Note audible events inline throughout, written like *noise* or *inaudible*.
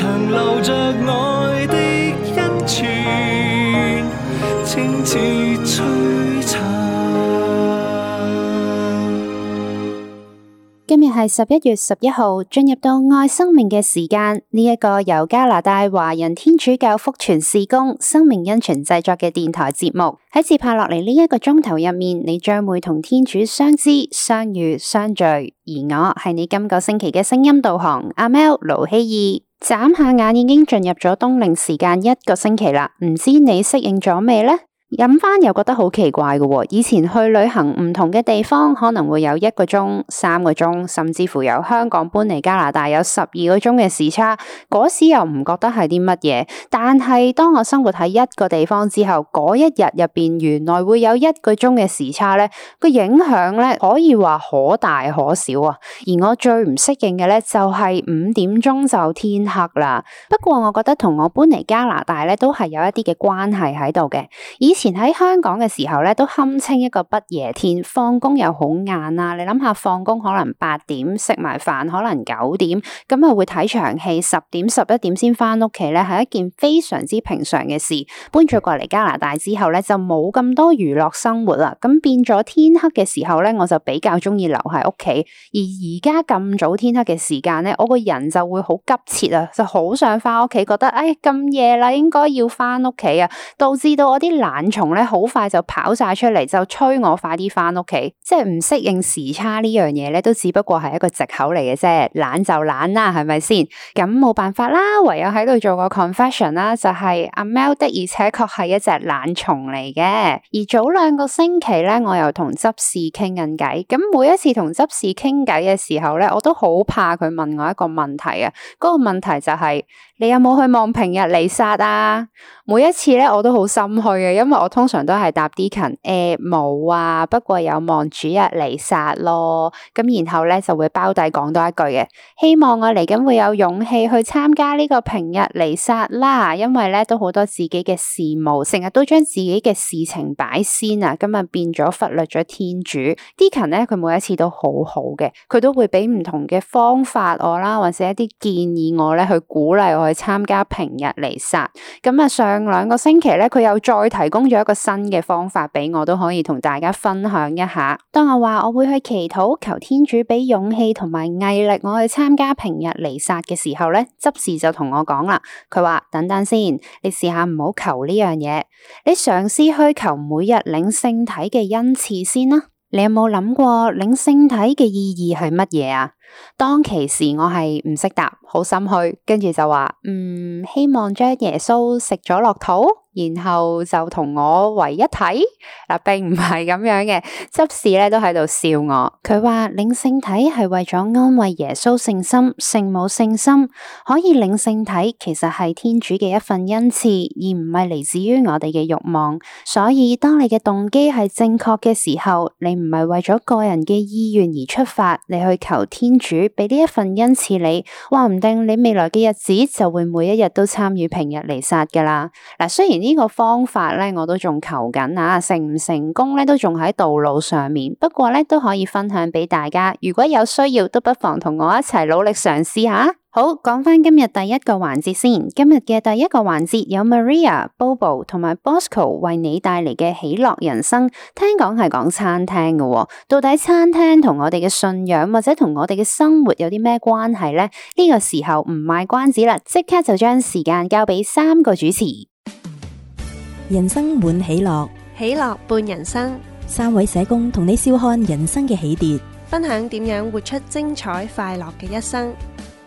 長留着愛的恩泉，清澈璀璨。今日係十一月十一號，進入到愛生命嘅時間。呢一個由加拿大華人天主教福傳事工生命恩泉製作嘅電台節目，喺接下落嚟呢一個鐘頭入面，你將會同天主相知、相遇、相聚。而我係你今個星期嘅聲音導航阿 Mel 盧希義。眨下眼已經進入咗冬令時間一個星期啦，唔知你適應咗未咧？飲返又覺得好奇怪嘅，哦，以前去旅行唔同嘅地方，可能會有一個鐘、三個鐘，甚至乎由香港搬嚟加拿大有十二個鐘嘅時差，嗰時又唔覺得係啲乜嘢。但係當我生活喺一個地方之後，嗰一日入邊原來會有一個鐘嘅時差咧，個影響咧可以話可大可小啊。而我最唔適應嘅咧就係五點鐘就天黑啦。不過我覺得同我搬嚟加拿大咧都係有一啲嘅關係喺度嘅，以前喺香港嘅時候咧，都堪稱一個不夜天，放工又好晏啊！你諗下，放工可能八點，食埋飯可能九點，咁啊會睇場戲，十點、十一點先翻屋企咧，係一件非常之平常嘅事。搬咗過嚟加拿大之後咧，就冇咁多娛樂生活啦，咁變咗天黑嘅時候咧，我就比較中意留喺屋企。而而家咁早天黑嘅時間咧，我個人就會好急切啊，就好想翻屋企，覺得誒咁夜啦，應該要翻屋企啊，導致到我啲懶。蟲咧好快就跑晒出嚟，就催我快啲翻屋企。即係唔適應時差呢樣嘢咧，都只不過係一個借口嚟嘅啫。懶就懶啦，係咪先？咁冇辦法啦，唯有喺度做個 confession 啦。就係、是、阿 Mel，而且確係一隻懶蟲嚟嘅。而早兩個星期咧，我又同執事傾緊偈。咁每一次同執事傾偈嘅時候咧，我都好怕佢問我一個問題啊。嗰、那個問題就係、是、你有冇去望平日彌撒啊？每一次咧，我都好心虛啊，因為我通常都係搭啲勤，誒冇啊，不過有望主日彌撒咯，咁然後咧就會包底講多一句嘅，希望我嚟緊會有勇氣去參加呢個平日彌撒啦，因為咧都好多自己嘅事務，成日都將自己嘅事情擺先啊，今日變咗忽略咗天主。啲勤咧佢每一次都好好嘅，佢都會俾唔同嘅方法我啦，或者一啲建議我咧去鼓勵我去參加平日彌撒。咁、嗯、啊上兩個星期咧，佢又再提供。有一個新嘅方法俾我，都可以同大家分享一下。當我話我會去祈禱求天主俾勇氣同埋毅力，我去參加平日彌撒嘅時候咧，執事就同我講啦。佢話：等等先，你試下唔好求呢樣嘢，你嘗試去求每日領聖體嘅恩賜先啦。你有冇諗過領聖體嘅意義係乜嘢啊？當其時我係唔識答，好心虛，跟住就話，嗯，希望將耶穌食咗落肚，然後就同我為一體。嗱，並唔係咁樣嘅，執事咧都喺度笑我。佢話，領聖體係為咗安慰耶穌聖心、聖母聖心，可以領聖體其實係天主嘅一份恩賜，而唔係嚟自於我哋嘅慾望。所以當你嘅動機係正確嘅時候，你唔係為咗個人嘅意願而出發，你去求天主俾呢一份恩賜你，話唔定你未來嘅日子就會每一日都參與平日彌撒噶啦。嗱，雖然呢個方法咧，我都仲求緊啊，成唔成功咧都仲喺道路上面。不過咧都可以分享畀大家，如果有需要，都不妨同我一齊努力嘗試下。好，講翻今日第一個環節先。今日嘅第一個環節有 Maria、Bobo 同埋 Bosco 為你帶嚟嘅喜樂人生，聽講係講餐廳嘅，到底餐廳同我哋嘅信仰或者同我哋嘅生活有啲咩關係呢？呢個時候唔賣關子啦，即刻就將時間交俾三個主持。人生滿喜樂，喜樂伴人生。三位社工同你笑看人生嘅起跌，分享點樣活出精彩快樂嘅一生。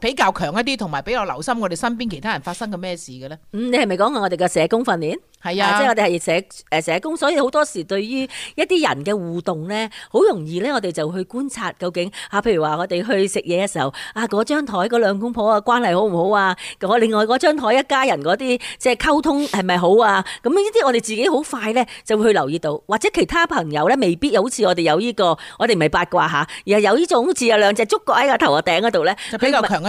比較強一啲，同埋比較留心我哋身邊其他人發生嘅咩事嘅咧？嗯，你係咪講過我哋嘅社工訓練？係啊，即、啊、係、就是、我哋係社誒社工，所以好多時對於一啲人嘅互動咧，好容易咧，我哋就去觀察究竟吓、啊，譬如話我哋去食嘢嘅時候啊，嗰張台嗰兩公婆嘅關係好唔好啊？另外嗰張台一家人嗰啲即係溝通係咪好啊？咁呢啲我哋自己好快咧就會去留意到，或者其他朋友咧未必好似我哋有呢、呢個，我哋唔係八卦吓，而係有呢種好似有兩隻竹角喺個頭啊頂嗰度咧，就比較強。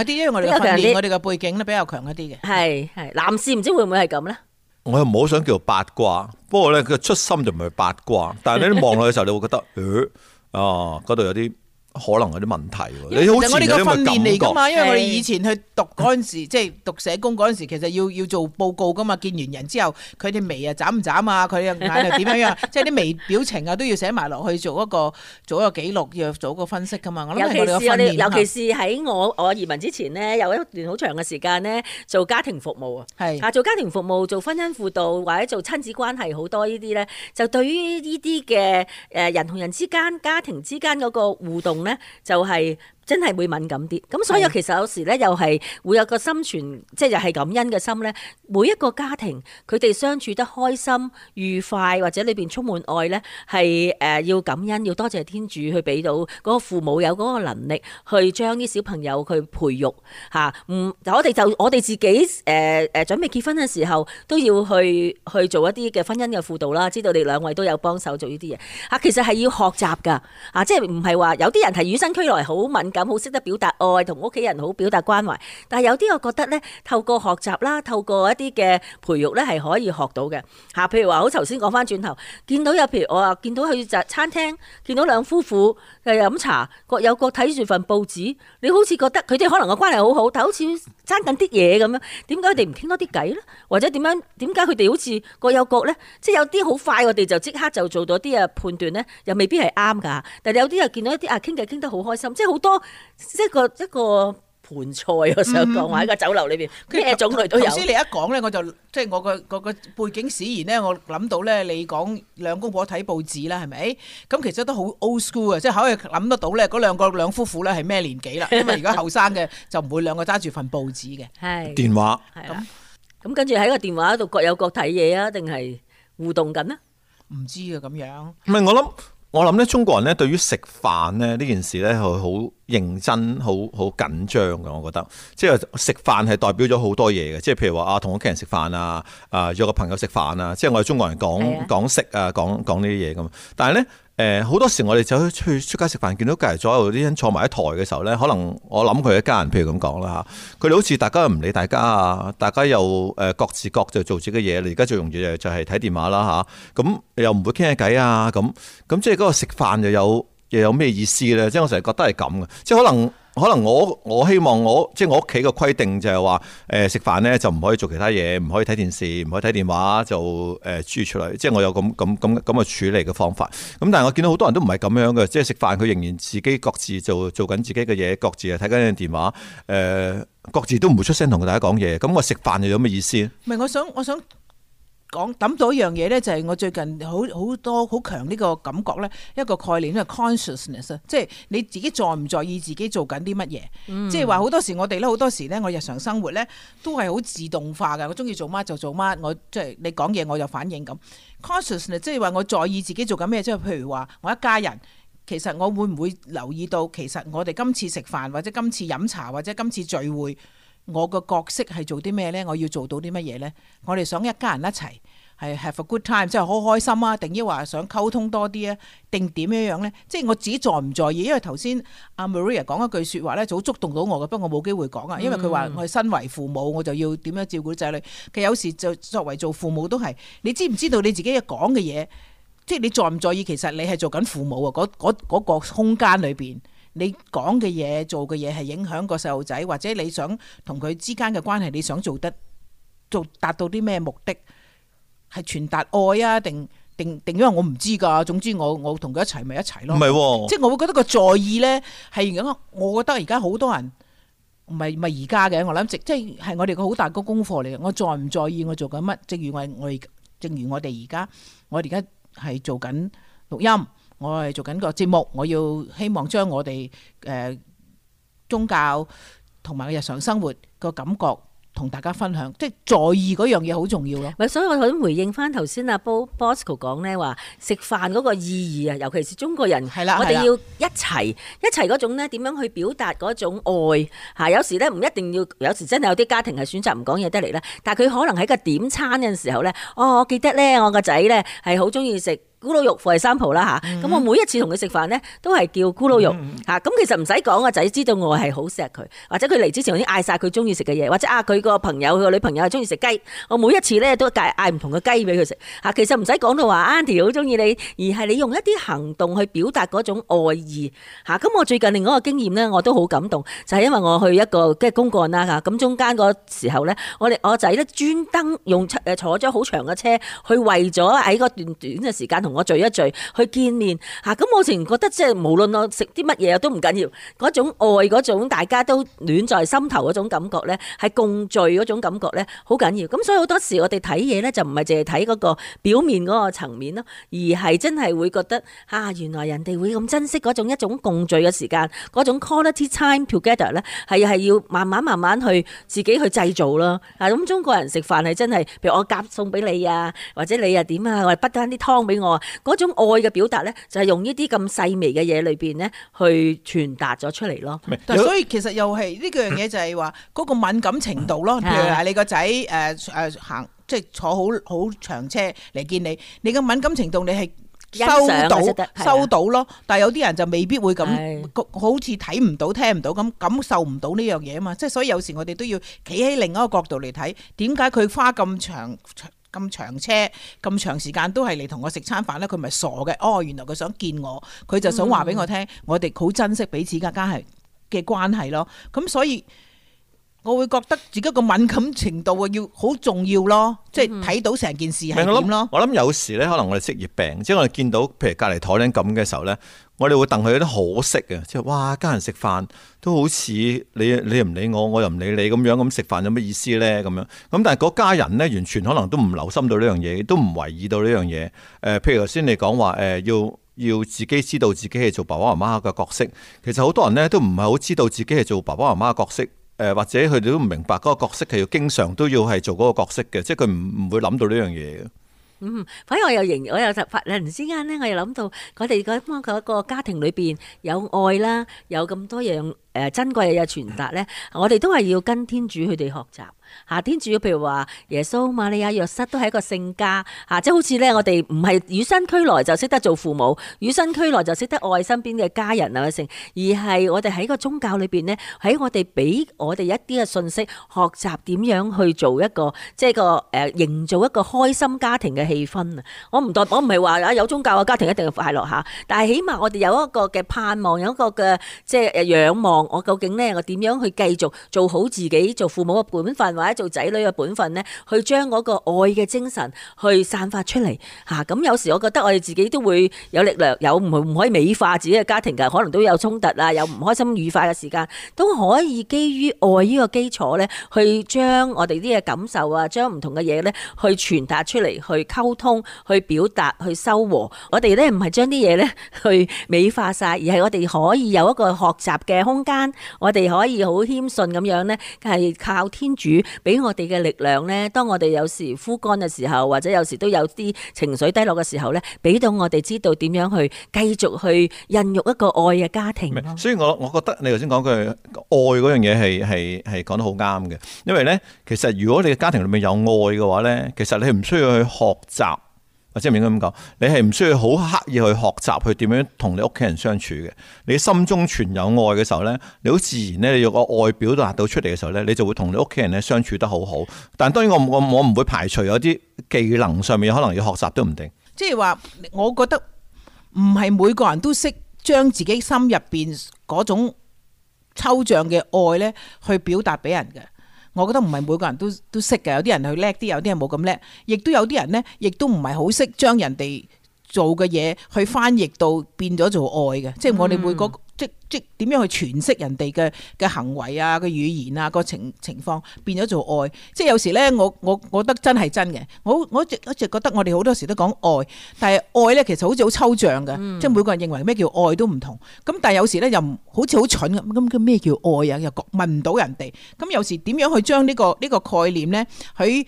因爲，我哋嘅訓練，我哋嘅背景咧比較強一啲嘅，係係男士唔知會唔會係咁咧？我又唔好想叫八卦，不過咧佢嘅出心就唔係八卦，但係你望落嘅時候 *laughs* 你會覺得，誒、哎、啊，嗰度有啲。可能有啲問題，其實我哋個訓練嚟㗎嘛，因為我哋以前去讀嗰陣時，即係讀社工嗰陣時，其實要要做報告㗎嘛。見完人之後，佢哋眉啊眨唔眨啊，佢眼係點樣樣，即係啲微表情啊都要寫埋落去做一個做一個記錄，要做一個分析㗎嘛。我哋，尤其是喺我我我移民之前呢，有一段好長嘅時間呢，做家庭服務啊，係啊，做家庭服務、做婚姻輔導或者做親子關係好多呢啲咧，就對於呢啲嘅誒人同人之間、家庭之間嗰個互動咧。就係。真係會敏感啲，咁所以其實有時咧，又係會有個心存即係又係感恩嘅心咧。每一個家庭佢哋相處得開心愉快，或者裏邊充滿愛咧，係誒要感恩，要多謝天主去俾到個父母有嗰個能力去將啲小朋友去培育吓，唔，我哋就我哋自己誒誒、呃、準備結婚嘅時候都要去去做一啲嘅婚姻嘅輔導啦。知道你兩位都有幫手做呢啲嘢啊，其實係要學習噶啊！即係唔係話有啲人係與生俱來好敏感。咁好識得表達愛同屋企人好表達關懷，但係有啲我覺得咧，透過學習啦，透過一啲嘅培育咧，係可以學到嘅。嚇，譬如話，我頭先講返轉頭，見到有譬如我話見到去就餐廳，見到兩夫婦誒飲茶，各有各睇住份報紙。你好似覺得佢哋可能個關係好好，但好似爭緊啲嘢咁樣。點解佢哋唔傾多啲偈咧？或者點樣？點解佢哋好似各有各咧？即係有啲好快，我哋就即刻就做到啲啊判斷咧，又未必係啱㗎。但係有啲又見到一啲啊傾偈傾得好開心，即係好多。一個一個盤菜喎，成日講話喺個酒樓裏邊，咩種類都有。頭先你一講咧，我就即係我個個個背景使然咧，我諗到咧，你講兩公婆睇報紙啦，係咪？咁其實都好 old school 嘅，即係可以諗得到咧，嗰兩個兩夫婦咧係咩年紀啦？因為而家後生嘅，就唔會兩個揸住份報紙嘅。係電話。係咁咁，跟住喺個電話度各有各睇嘢啊？定係互動緊啊？唔知啊，咁樣。唔係我諗。我諗咧，中國人咧對於食飯咧呢件事咧係好認真、好好緊張嘅。我覺得，即係食飯係代表咗好多嘢嘅。即係譬如話啊，同屋企人食飯啊，啊約個朋友食飯啊，即係我哋中國人講講食啊，講講呢啲嘢咁。但係咧。誒好多時我哋走去出去出街食飯，見到隔離左右啲人坐埋一台嘅時候呢，可能我諗佢一家人，譬如咁講啦，佢哋好似大家又唔理大家啊，大家又誒各自各就做自己嘢。你而家最容易就係睇電話啦，嚇，咁又唔會傾下偈啊咁，咁即係嗰個食飯又有又有咩意思呢？即係我成日覺得係咁嘅，即係可能。可能我我希望我即係我屋企嘅規定就係話，誒食飯呢，飯就唔可以做其他嘢，唔可以睇電視，唔可以睇電話就，就誒專注嚟，即係我有咁咁咁咁嘅處理嘅方法。咁但係我見到好多人都唔係咁樣嘅，即係食飯佢仍然自己各自做做緊自己嘅嘢，各自啊睇緊嘅電話，誒、呃、各自都唔會出聲同大家講嘢。咁我食飯又有咩意思？唔係我想我想。我想講到一樣嘢呢，就係我最近好好多好強呢個感覺呢一個概念咧，consciousness，即係你自己在唔在意自己做緊啲乜嘢？即係話好多時我哋咧，好多時呢，我日常生活呢都係好自動化㗎。我中意做乜就做乜，我即係你講嘢我就反應咁。consciousness 即係話我在意自己做緊咩？即係譬如話我一家人，其實我會唔會留意到其實我哋今次食飯或者今次飲茶或者今次聚會，我個角色係做啲咩呢？我要做到啲乜嘢呢？我哋想一家人一齊。係 have a good time，即係好開心啊！定依話想溝通多啲啊？定點樣樣呢？即係我自己在唔在意？因為頭先阿 Maria 講一句説話呢就好觸動到我嘅，不過我冇機會講啊。因為佢話我身為父母，我就要點樣照顧仔女。佢有時就作為做父母都係，你知唔知道你自己嘅講嘅嘢？即係你在唔在意？其實你係做緊父母啊！嗰、嗰個空間裏邊，你講嘅嘢、做嘅嘢係影響個細路仔，或者你想同佢之間嘅關係，你想做得做達到啲咩目的？係傳達愛啊？定定定，因為我唔知噶。總之我，我我同佢一齊咪一齊咯，啊。唔係，啊，即係我會覺得個在意咧，係而家我覺得而家好多人，唔係唔係而家嘅。我諗即即係我哋個好大個功課嚟嘅。我在唔在意我在做緊乜？正如我我，正如我哋而家，我哋而家係做緊錄音，我係做緊個節目。我要希望將我哋誒、呃、宗教同埋日常生活個感覺。同大家分享，即係在意嗰樣嘢好重要咯。唔所以我想回應翻頭先阿 Bosco 講咧，話食飯嗰個意義啊，尤其是中國人，我哋要一齊一齊嗰種咧，點樣去表達嗰種愛嚇。有時咧唔一定要，有時真係有啲家庭係選擇唔講嘢得嚟啦。但係佢可能喺個點餐嘅時候咧，哦，我記得咧，我個仔咧係好中意食。咕嚕肉扶係三蒲啦吓，咁我每一次同佢食飯咧，都係叫咕嚕肉吓，咁其實唔使講，個仔知道我係好錫佢，或者佢嚟之前我已嗌晒佢中意食嘅嘢，或者啊佢個朋友佢個女朋友係中意食雞，我每一次咧都嗌嗌唔同嘅雞俾佢食吓。其實唔使講到話，Andy 好中意你，而係你用一啲行動去表達嗰種愛意吓，咁我最近另外一個經驗咧，我都好感動，就係因為我去一個即係公幹啦吓，咁中間個時候咧，我哋我仔咧專登用坐咗好長嘅車去為咗喺嗰段短嘅時間我聚一聚去見面吓，咁、啊、我成覺得即係無論我食啲乜嘢都唔緊要，嗰種愛嗰種大家都暖在心頭嗰種感覺咧，係共聚嗰種感覺咧，好緊要。咁所以好多時候我哋睇嘢咧，就唔係淨係睇嗰個表面嗰個層面咯，而係真係會覺得啊原來人哋會咁珍惜嗰種一種共聚嘅時間，嗰種 quality time together 咧，係係要慢慢慢慢去自己去製造咯。啊，咁中國人食飯係真係，譬如我夾餸俾你啊，或者你又點啊，我哋潷翻啲湯俾我。嗰種愛嘅表達呢，就係用呢啲咁細微嘅嘢裏面呢，去傳達咗出嚟咯。所以其實又係呢樣嘢就係話嗰個敏感程度咯。譬如你個仔誒誒行即係坐好好長車嚟見你，你嘅敏感程度你係收到收到咯。但係有啲人就未必會咁好似睇唔到、聽唔到咁感受唔到呢樣嘢啊嘛。即係所以有時我哋都要企喺另一個角度嚟睇，點解佢花咁長長咁長車咁長時間都係嚟同我食餐飯咧，佢咪傻嘅？哦，原來佢想見我，佢就想話俾我聽，我哋好珍惜彼此家家係嘅關係咯。咁所以，我會覺得自己個敏感程度啊，要好重要咯。即係睇到成件事係點咯。我諗有時咧，可能我哋職業病，即係我哋見到譬如隔離台咧咁嘅時候咧。我哋會戥佢有啲可惜嘅，即係哇，家人食飯都好似你你又唔理我，我又唔理你咁樣咁食飯有咩意思呢？咁樣咁但係嗰家人呢，完全可能都唔留心到呢樣嘢，都唔懷疑到呢樣嘢。譬如頭先你講話，呃，要要自己知道自己係做爸爸媽媽嘅角色，其實好多人呢都唔係好知道自己係做爸爸媽媽嘅角色。呃，或者佢哋都唔明白嗰個角色係要經常都要係做嗰個角色嘅，即係佢唔唔會諗到呢樣嘢嘅。嗯，反正我又認，我又實發，突然之間咧，我又諗到，佢哋個幫佢嗰個家庭裏邊有愛啦，有咁多樣。誒，珍貴嘅傳達咧，我哋都係要跟天主佢哋學習。吓，天主譬如話耶穌、瑪利亞、若瑟都係一個聖家。吓，即係好似咧，我哋唔係與生俱來就識得做父母，與生俱來就識得愛身邊嘅家人啊，剩而係我哋喺個宗教裏邊呢，喺我哋俾我哋一啲嘅信息，學習點樣去做一個即係個誒，營造一個開心家庭嘅氣氛啊！我唔代，我唔係話啊，有宗教嘅家庭一定要快樂吓，但係起碼我哋有一個嘅盼望，有一個嘅即係仰望。我究竟咧，我點樣去繼續做好自己做父母嘅本分，或者做仔女嘅本分呢？去將嗰個愛嘅精神去散發出嚟吓。咁、啊、有時我覺得我哋自己都會有力量，有唔唔可以美化自己嘅家庭噶，可能都有衝突啊，有唔開心、愉快嘅時間，都可以基於愛呢個基礎呢，去將我哋啲嘅感受啊，將唔同嘅嘢呢去傳達出嚟，去溝通，去表達，去修和。我哋呢，唔係將啲嘢呢去美化晒，而係我哋可以有一個學習嘅空間。間我哋可以好謙遜咁樣咧，係靠天主俾我哋嘅力量咧。當我哋有時枯乾嘅時候，或者有時都有啲情緒低落嘅時候咧，俾到我哋知道點樣去繼續去孕育一個愛嘅家庭。所以，我我覺得你頭先講句愛嗰樣嘢係係係講得好啱嘅。因為咧，其實如果你嘅家庭裏面有愛嘅話咧，其實你唔需要去學習。或者唔應該咁講，你係唔需要好刻意去學習去點樣同你屋企人相處嘅。你心中存有愛嘅時候呢，你好自然呢，你有個愛表達到出嚟嘅時候呢，你就會同你屋企人呢相處得好好。但當然我我唔會排除有啲技能上面可能要學習都唔定。即係話，我覺得唔係每個人都識將自己心入邊嗰種抽象嘅愛呢去表達俾人嘅。我覺得唔係每個人都都識嘅，有啲人去叻啲，有啲人冇咁叻，亦都有啲人咧，亦都唔係好識將人哋做嘅嘢去翻譯到變咗做愛嘅，即係我哋會嗰。即點樣去詮釋人哋嘅嘅行為啊、個語言啊、個情情況變咗做愛？即有時咧，我我我覺得真係真嘅。我我一直一直覺得我哋好多時都講愛，但係愛咧其實好似好抽象嘅，即每個人認為咩叫愛都唔同。咁、嗯、但係有時咧又好似好蠢嘅咁，咩叫愛啊？又問唔到人哋。咁有時點樣去將呢個呢個概念咧？佢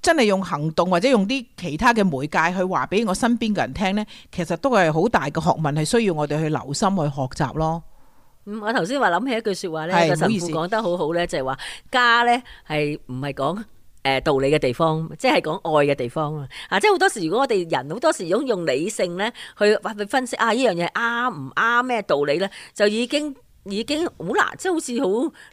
真係用行動或者用啲其他嘅媒介去話俾我身邊嘅人聽呢，其實都係好大嘅學問，係需要我哋去留心去學習咯。咁我頭先話諗起一句說話咧，是個神父講得好好呢，就係、是、話家呢係唔係講誒道理嘅地方，即係講愛嘅地方啊！即係好多時候我人，如果我哋人好多時如果用理性呢去去分析啊，呢樣嘢啱唔啱咩道理呢，就已經。已經好難，即係好似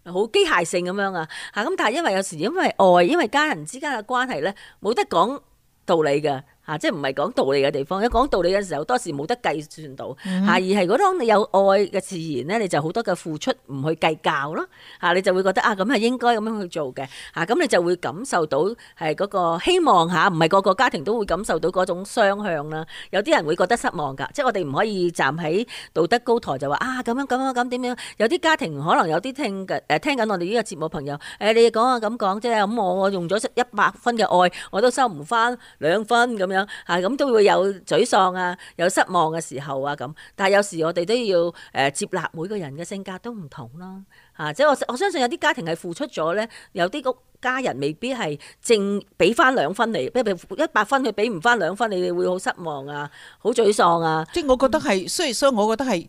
好好機械性咁樣啊！嚇、咁，但係因為有時因為愛，因為家人之間嘅關係咧，冇得講道理㗎。啊、即係唔係講道理嘅地方？一講道理嘅時候，多時冇得計算到嚇、啊，而係當你有愛嘅自然咧，你就好多嘅付出唔去計較咯。嚇、啊，你就會覺得啊，咁係應該咁樣去做嘅。嚇、啊，咁你就會感受到係嗰個希望嚇，唔係個個家庭都會感受到嗰種雙向啦。有啲人會覺得失望㗎，即係我哋唔可以站喺道德高台就話啊，咁樣咁樣咁點樣，樣，樣？有啲家庭可能有啲聽緊誒、啊、聽緊我哋呢個節目朋友，誒、哎、你講下咁講啫，咁、啊、我我用咗一百分嘅愛，我都收唔翻兩分咁啊！咁都會有沮喪啊，有失望嘅時候啊咁。但係有時我哋都要誒接納每個人嘅性格都唔同咯。啊！即係我我相信有啲家庭係付出咗咧，有啲屋企人未必係淨俾翻兩分你，一百分佢俾唔翻兩分，你哋會好失望啊，好沮喪啊。即係我覺得係，雖然所以，我覺得係。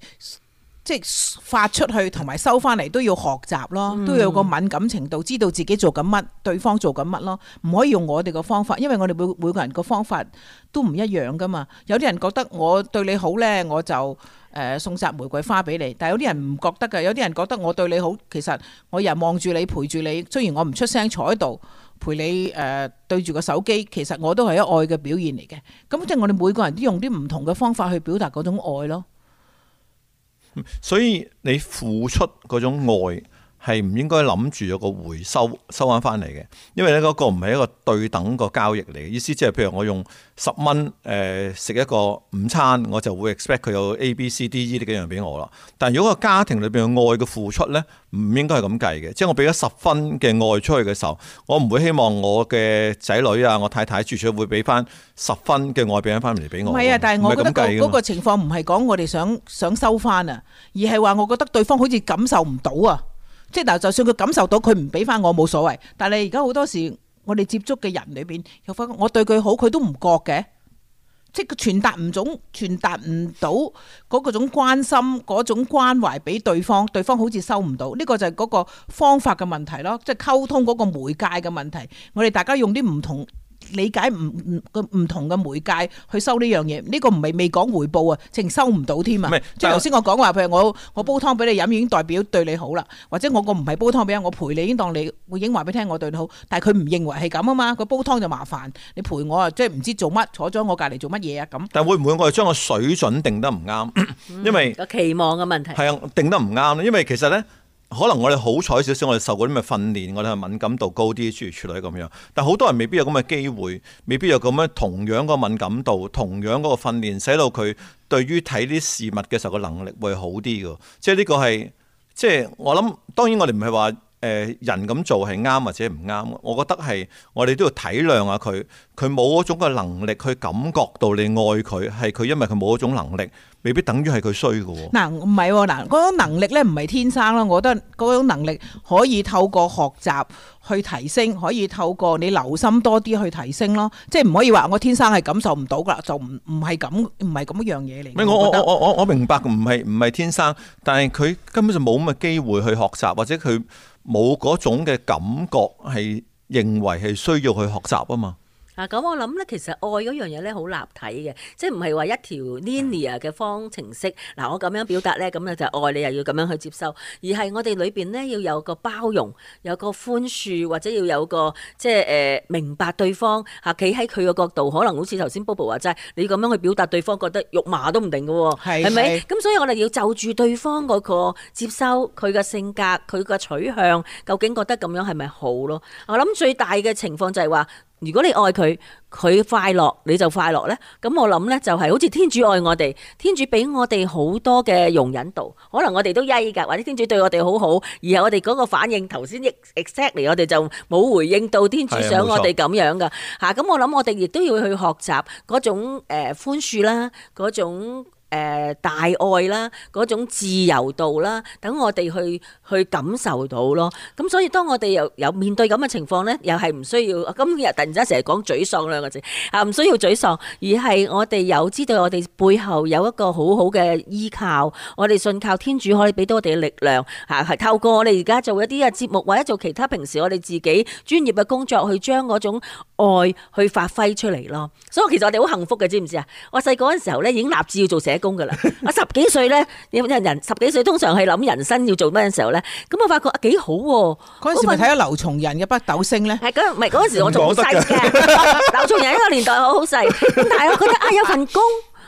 即係發出去同埋收翻嚟都要學習咯，都要有個敏感程度，知道自己做緊乜，對方做緊乜咯。唔可以用我哋個方法，因為我哋每每個人個方法都唔一樣噶嘛。有啲人覺得我對你好呢，我就誒送紮玫瑰花俾你。但有啲人唔覺得嘅，有啲人覺得我對你好，其實我又望住你陪住你，雖然我唔出聲坐喺度陪你誒、呃、對住個手機，其實我都係一愛嘅表現嚟嘅。咁即係我哋每個人都用啲唔同嘅方法去表達嗰種愛咯。所以你付出嗰種愛，係唔應該諗住有個回收收翻翻嚟嘅，因為咧嗰個唔係一個對等個交易嚟嘅。意思即係譬如我用十蚊誒食一個午餐，我就會 expect 佢有 A、B、C、D、E 呢幾樣俾我啦。但如果個家庭裏面嘅愛嘅付出呢，唔應該係咁計嘅。即係我俾咗十分嘅愛出去嘅時候，我唔會希望我嘅仔女啊、我太太至少會俾翻十分嘅愛俾翻翻嚟俾我。唔係啊，但係我，我覺得嗰個嗰情況唔係講我哋想想收翻啊，而係話我覺得對方好似感受唔到啊。即，就算佢感受到佢唔俾返我冇所謂。但係你而家好多時，我哋接觸嘅人裏邊有分，我對佢好，佢都唔覺嘅。即係傳達唔總傳達唔到嗰個種關心、嗰種關懷俾對方，對方好似收唔到。呢個就係嗰個方法嘅問題咯，即係溝通嗰個媒介嘅問題。我哋大家用啲唔同。理解唔唔個唔同嘅媒介去收呢樣嘢，呢個唔係未講回報啊，直情收唔到添啊！即係頭先我講話，譬如我我煲湯俾你飲已經代表對你好啦，或者我個唔係煲湯俾人，我陪你已經當你我已經話俾你聽我對你好，但係佢唔認為係咁啊嘛，佢煲湯就麻煩，你陪我啊，即係唔知做乜坐咗我隔離做乜嘢啊咁。但會唔會我係將個水準定得唔啱，嗯？因為個期望嘅問題係啊，定得唔啱因為其實咧。可能我哋好彩少少，我哋受過啲咩訓練，我哋係敏感度高啲，諸如此類咁樣。但好多人未必有咁嘅機會，未必有咁樣同樣嗰敏感度、同樣嗰訓練，使到佢對於睇啲事物嘅時候嘅能力會好啲嘅。即係呢個係，即係我諗，當然我哋唔係話。誒人咁做係啱或者唔啱，我覺得係我哋都要體諒下佢，佢冇嗰種嘅能力去感覺到你愛佢，係佢因為佢冇嗰種能力，未必等於係佢衰㗎喎。嗱，唔係，嗱嗰種能力咧，唔係天生咯。我覺得嗰種能力可以透過學習去提升，可以透過你留心多啲去提升咯。即係唔可以話我天生係感受唔到㗎啦，就唔唔係咁唔係咁樣嘢嚟。咩？我我我我我明白唔係唔係天生，但係佢根本就冇咁嘅機會去學習或者佢。冇嗰種嘅感覺，係認為係需要去學習啊嘛。嗱、啊，咁我諗咧，其實愛嗰樣嘢咧，好立體嘅，即係唔係話一條 linear 嘅方程式。嗱、啊，我咁樣表達咧，咁咧就愛你，又要咁樣去接收。而係我哋裏邊咧要有個包容，有個寬恕，或者要有個即係、呃、明白對方嚇，企喺佢個角度，可能好似頭先 Bobo 話齋，你咁樣去表達對方，覺得肉麻都唔定㗎喎、哦，係咪？咁所以我哋要就住對方嗰個接收佢嘅性格、佢嘅取向，究竟覺得咁樣係咪好咯？我諗最大嘅情況就係話。如果你愛佢，佢快樂你就快樂咧。咁我諗咧就係好似天主愛我哋，天主俾我哋好多嘅容忍度，可能我哋都曳噶，或者天主對我哋好好，而係我哋嗰個反應，頭先 exactly 我哋就冇回應到天主想我哋咁樣噶。吓、啊，咁我諗我哋亦都要去學習嗰種誒寬恕啦，嗰種。呃誒大愛啦，嗰種自由度啦，等我哋去去感受到咯。咁所以當我哋又有面對咁嘅情況呢，又係唔需要今日突然間成日講沮喪兩個字嚇，唔需要沮喪，而係我哋有知道我哋背後有一個好好嘅依靠，我哋信靠天主可以俾到我哋嘅力量嚇，係透過我哋而家做一啲嘅節目，或者做其他平時我哋自己專業嘅工作，去將嗰種愛去發揮出嚟咯。所以其實我哋好幸福嘅，知唔知啊？我細個嗰陣時候呢，已經立志要做社工噶啦！啊，十幾歲咧，有人人十幾歲通常係諗人生要做咩嘅時候咧，咁我發覺啊，幾好喎！嗰陣時咪睇咗劉松仁嘅《北斗星》咧，係嗰唔係嗰陣時我仲好細嘅，劉松仁呢個年代我好細，咁但係我覺得啊，有份工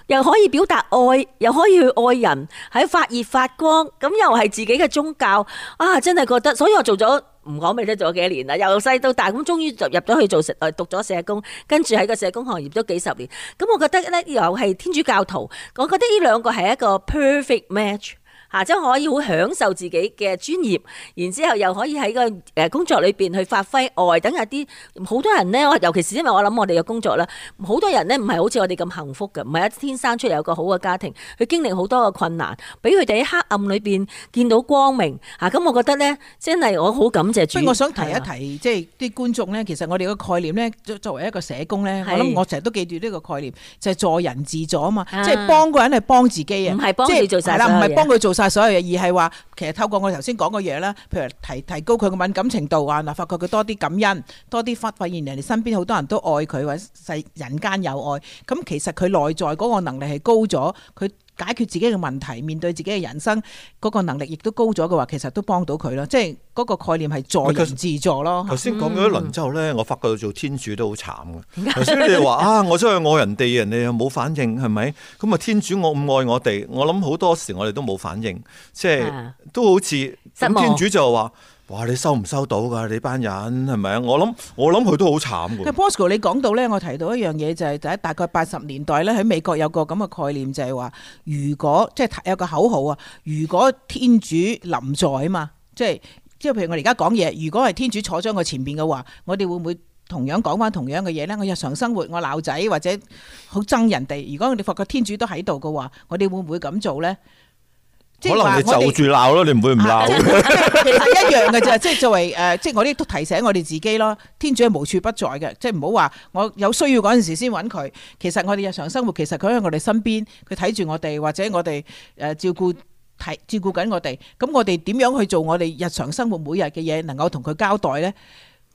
又可以表達愛，又可以去愛人，喺發熱發光，咁又係自己嘅宗教啊！真係覺得，所以我做咗。唔講未得，做咗幾多年啦，由細到大咁，終於就入咗去做社，讀咗社工，跟住喺個社工行業都幾十年。咁我覺得咧，又係天主教徒，我覺得呢兩個係一個 perfect match。嚇，即可以好享受自己嘅專業，然之後又可以喺個誒工作裏邊去發揮外。等下啲好多人呢，尤其是因為我諗我哋嘅工作啦，好多人呢唔係好似我哋咁幸福嘅，唔係一天生出嚟有個好嘅家庭，去經歷好多嘅困難，俾佢哋喺黑暗裏邊見到光明嚇。咁我覺得呢，真係我好感謝主。我想提一提，即係啲觀眾呢，其實我哋嘅概念呢，作作為一個社工呢，我諗我成日都記住呢個概念，就係、是、助人自助啊嘛，即係、就是、幫個人係幫自己啊，即係係啦，唔係幫佢做。晒所有嘢，而係話其實透過我哋頭先講嘅嘢啦，譬如提提高佢嘅敏感程度啊，嗱，發覺佢多啲感恩，多啲發發現人哋身邊好多人都愛佢，或者世人間有愛，咁其實佢內在嗰個能力係高咗，佢。解決自己嘅問題，面對自己嘅人生嗰個能力亦都高咗嘅話，其實都幫到佢咯。即係嗰個概念係助人自助咯。頭先講咗一輪之後咧，我發覺做天主都好慘嘅。頭先你話 *laughs* 啊，我真係愛人哋，人哋又冇反應，係咪？咁啊，天主我唔愛我哋，我諗好多時我哋都冇反應，啊、即係都好似天主就話。哇！你收唔收到噶？你班人係咪啊？我諗我諗佢都好慘嘅。但係 Pascal，你講到呢，我提到一樣嘢就係大概八十年代呢，喺美國有個咁嘅概念就係話，如果即係有個口號啊，如果天主臨在啊嘛，即係即係譬如我哋而家講嘢，如果係天主坐咗我前邊嘅話，我哋會唔會同樣講翻同樣嘅嘢呢？我日常生活我鬧仔或者好憎人哋，如果我哋發覺天主都喺度嘅話，我哋會唔會咁做呢？可能你就住鬧咯，你唔會唔鬧。其實係一樣嘅啫， *laughs* 即係作為誒，即係我呢都提醒我哋自己咯。天主係無處不在嘅，即係唔好話我有需要嗰陣時先揾佢。其實我哋日常生活，其實佢喺我哋身邊，佢睇住我哋或者我哋誒照顧睇照顧緊我哋。咁我哋點樣去做我哋日常生活每日嘅嘢，能夠同佢交代咧？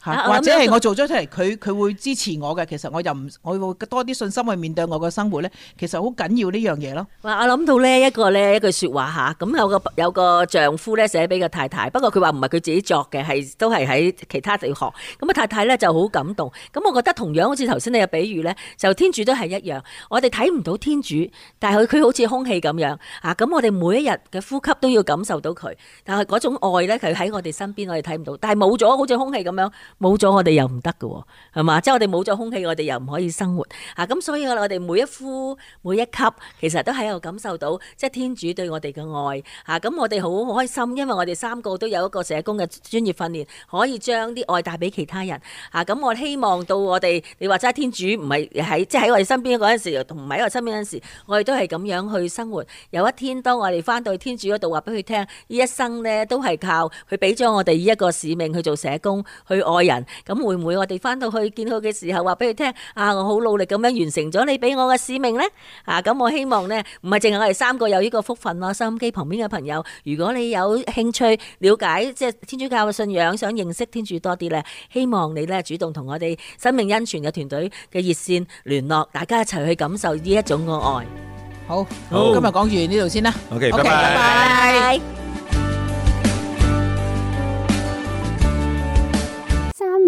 啊、或者係我做咗出嚟，佢佢會支持我嘅。其實我又唔我會多啲信心去面對我嘅生活咧。其實好緊要呢樣嘢咯。嗱、啊，我諗到呢一個咧一句說話吓，咁有個有個丈夫咧寫俾個太太，不過佢話唔係佢自己作嘅，係都係喺其他地學。咁啊太太咧就好感動。咁我覺得同樣好似頭先你嘅比喻咧，就天主都係一樣。我哋睇唔到天主，但係佢好似空氣咁樣啊。咁我哋每一日嘅呼吸都要感受到佢，但係嗰種愛咧，佢喺我哋身邊，我哋睇唔到，但係冇咗好似空氣咁樣。冇咗我哋又唔得嘅係嘛？即係我哋冇咗空氣，我哋又唔可以生活啊！咁所以我哋每一呼每一吸，其實都喺度感受到，即係天主對我哋嘅愛吓，咁、啊、我哋好開心，因為我哋三個都有一個社工嘅專業訓練，可以將啲愛帶俾其他人吓，咁、啊、我希望到我哋，你話齋天主唔係喺，即係喺我哋身邊嗰陣時，同埋喺我身邊陣時，我哋都係咁樣去生活。有一天當我哋翻到去天主嗰度話俾佢聽，呢一生咧都係靠佢俾咗我哋以一個使命去做社工，去愛。人咁會唔會我哋翻到去見到嘅時候話俾佢聽，啊我好努力咁樣完成咗你俾我嘅使命呢？啊咁我希望呢，唔係淨係我哋三個有呢個福分。囉收音機旁邊嘅朋友，如果你有興趣了解，即係天主教嘅信仰，想認識天主多啲呢，希望你呢主動同我哋生命恩泉嘅團隊嘅熱線聯絡，大家一齊去感受呢一種嘅愛。好好，今日講完呢度先啦，OK，拜拜。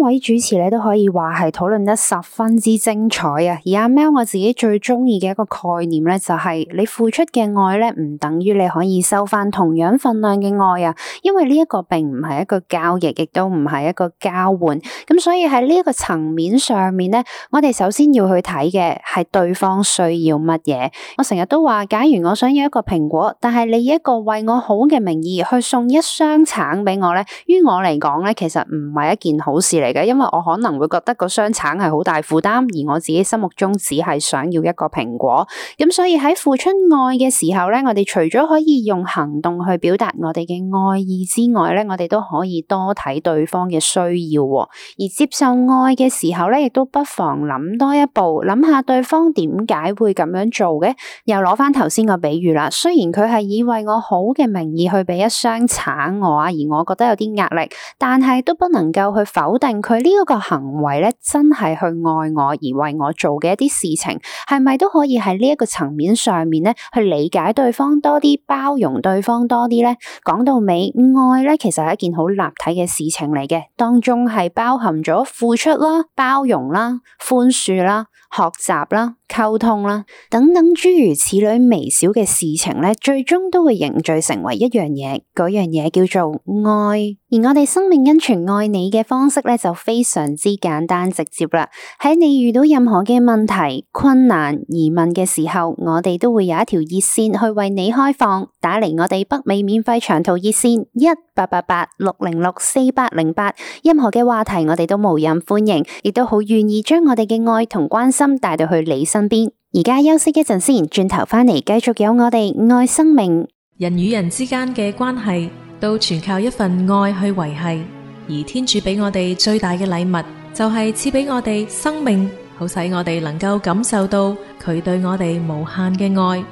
位主持咧都可以話係討論得十分之精彩啊！而阿喵我自己最中意嘅一個概念咧，就係你付出嘅愛咧，唔等於你可以收翻同樣份量嘅愛啊！因為呢一個並唔係一個交易，亦都唔係一個交換。咁所以喺呢一個層面上面咧，我哋首先要去睇嘅係對方需要乜嘢。我成日都話，假如我想要一個蘋果，但係你以一個為我好嘅名義去送一箱橙俾我咧，於我嚟講咧，其實唔係一件好事嚟。因為我可能會覺得個雙橙係好大負擔，而我自己心目中只係想要一個蘋果咁，所以喺付出愛嘅時候咧，我哋除咗可以用行動去表達我哋嘅愛意之外咧，我哋都可以多睇對方嘅需要，而接受愛嘅時候咧，亦都不妨諗多一步，諗下對方點解會咁樣做嘅。又攞翻頭先個比喻啦，雖然佢係以為我好嘅名義去俾一雙橙我啊，而我覺得有啲壓力，但係都不能夠去否定。佢呢一個行為咧，真係去愛我而為我做嘅一啲事情，係咪都可以喺呢一個層面上面咧去理解對方多啲，包容對方多啲呢？講到尾，愛咧其實係一件好立體嘅事情嚟嘅，當中係包含咗付出啦、包容啦、寬恕啦。學習啦，溝通啦，等等諸如此類微小嘅事情咧，最終都會凝聚成為一樣嘢，嗰樣嘢叫做愛。而我哋生命恩泉愛你嘅方式咧，就非常之簡單直接啦。喺你遇到任何嘅問題、困難、疑問嘅時候，我哋都會有一條熱綫去為你開放，打嚟我哋北美免費長途熱綫一。八八八六零六四八零八，任何嘅話題我哋都無任歡迎，亦都好願意將我哋嘅愛同關心帶到去你身邊。而家休息一陣先，轉頭翻嚟繼續有我哋愛生命，人與人之間嘅關係都全靠一份愛去維繫，而天主俾我哋最大嘅禮物就係賜俾我哋生命，好使我哋能夠感受到佢對我哋無限嘅愛。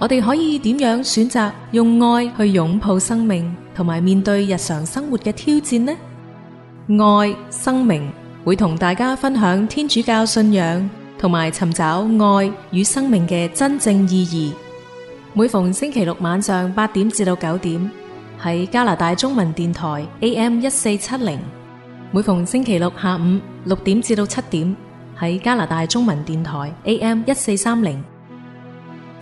我哋可以點樣選擇用愛去擁抱生命，同埋面對日常生活嘅挑戰呢？愛生命會同大家分享天主教信仰，同埋尋找愛與生命嘅真正意義。每逢星期六晚上八點至到九點，喺加拿大中文電台 AM 1470; 每逢星期六下午六點至到七點，喺加拿大中文電台 AM 1430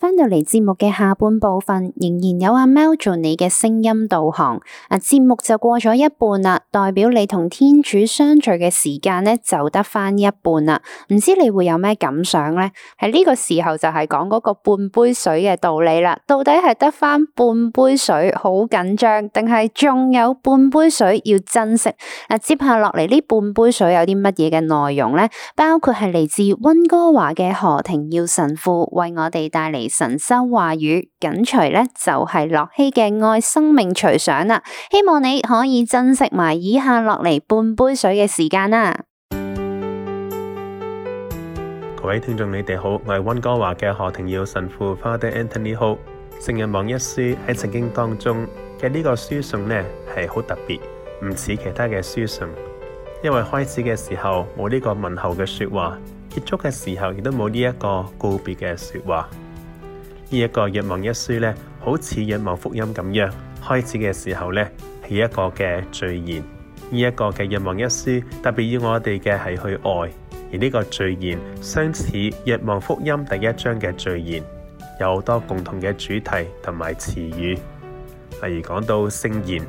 翻到嚟節目嘅下半部分，仍然有阿貓做你嘅聲音導航。啊，節目就過咗一半啦，代表你同天主相聚嘅時間呢，就得翻一半啦。唔知你會有咩感想呢？喺呢個時候就係講嗰個半杯水嘅道理啦。到底係得翻半杯水好緊張，定係仲有半杯水要珍惜？啊，接下落嚟呢半杯水有啲乜嘢嘅內容呢？包括係嚟自溫哥華嘅何庭耀神父為我哋帶嚟。神修話語緊隨呢就係駱曦嘅愛生命隨想啦。希望你可以珍惜埋以下落嚟半杯水嘅時間啦。各位聽眾，你哋好，我係温哥華嘅何庭耀神父 Father Anthony Ho。好聖若望一書喺聖經當中嘅呢個書信呢，係好特別，唔似其他嘅書信，因為開始嘅時候冇呢個問候嘅說話，結束嘅時候亦都冇呢一個告別嘅說話。呢一個《若望一書》咧，好似《若望福音》咁樣，開始嘅時候咧係一個嘅序言。呢一個嘅《若望一書》特別要我哋嘅係去愛，而呢個序言相似《若望福音》第一章嘅序言，有好多共同嘅主題同埋詞語，例如講到聖言，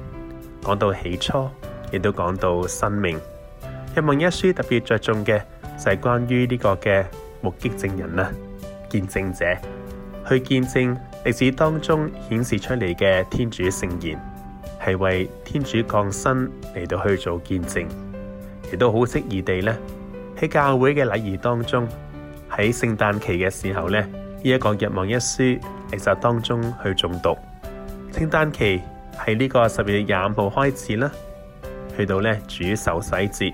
講到起初，亦都講到生命。《若望一書》特別着重嘅就係關於呢個嘅目擊證人啊，見證者。去見證歷史當中顯示出嚟嘅天主聖言，係為天主降生嚟到去做見證，亦都好適宜地呢，喺教會嘅禮儀當中，喺聖誕期嘅時候呢，呢、呢、一個《日望一書》其實當中去誦讀。聖誕期係呢個十二月廿五號開始啦，去到呢主受洗節，